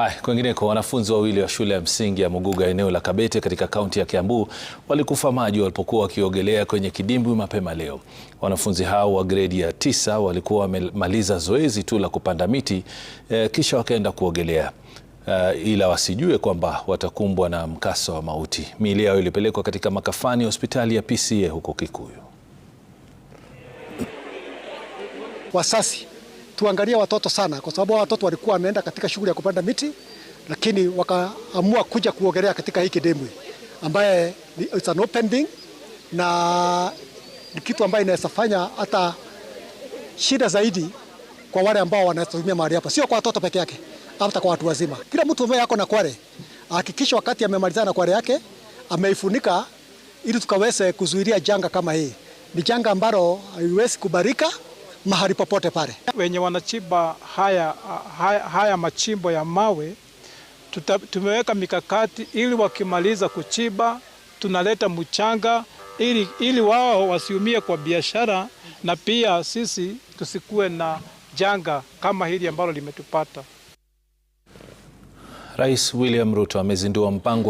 Hai, kwengineko wanafunzi wawili wa shule ya msingi ya Muguga eneo la Kabete katika kaunti ya Kiambu walikufa maji walipokuwa wakiogelea kwenye kidimbwi mapema leo. Wanafunzi hao wa gredi ya tisa walikuwa wamemaliza zoezi tu la kupanda miti eh, kisha wakaenda kuogelea eh, ila wasijue kwamba watakumbwa na mkasa wa mauti. Miili yao ilipelekwa katika makafani hospitali ya PCA huko Kikuyu. Wasasi tuangalie watoto sana, kwa sababu watoto walikuwa wameenda katika shughuli ya kupanda miti, lakini wakaamua kuja kuogelea katika hiki dimbwi ambaye it's an open thing, na ni kitu ambayo inaweza fanya hata shida zaidi kwa wale ambao wanatumia mahali hapa, sio kwa watoto peke yake, hata kwa watu wazima. Kila mtu ambaye yako na kware, hakikisha wakati amemalizana na kware yake ameifunika, ili tukaweze kuzuilia janga kama hii. Ni janga ambalo haiwezi kubarika mahali popote pale. Wenye wanachimba haya, haya, haya machimbo ya mawe tuta, tumeweka mikakati ili wakimaliza kuchimba tunaleta mchanga ili, ili wao wasiumie kwa biashara na pia sisi tusikuwe na janga kama hili ambalo limetupata. Rais William Ruto amezindua mpango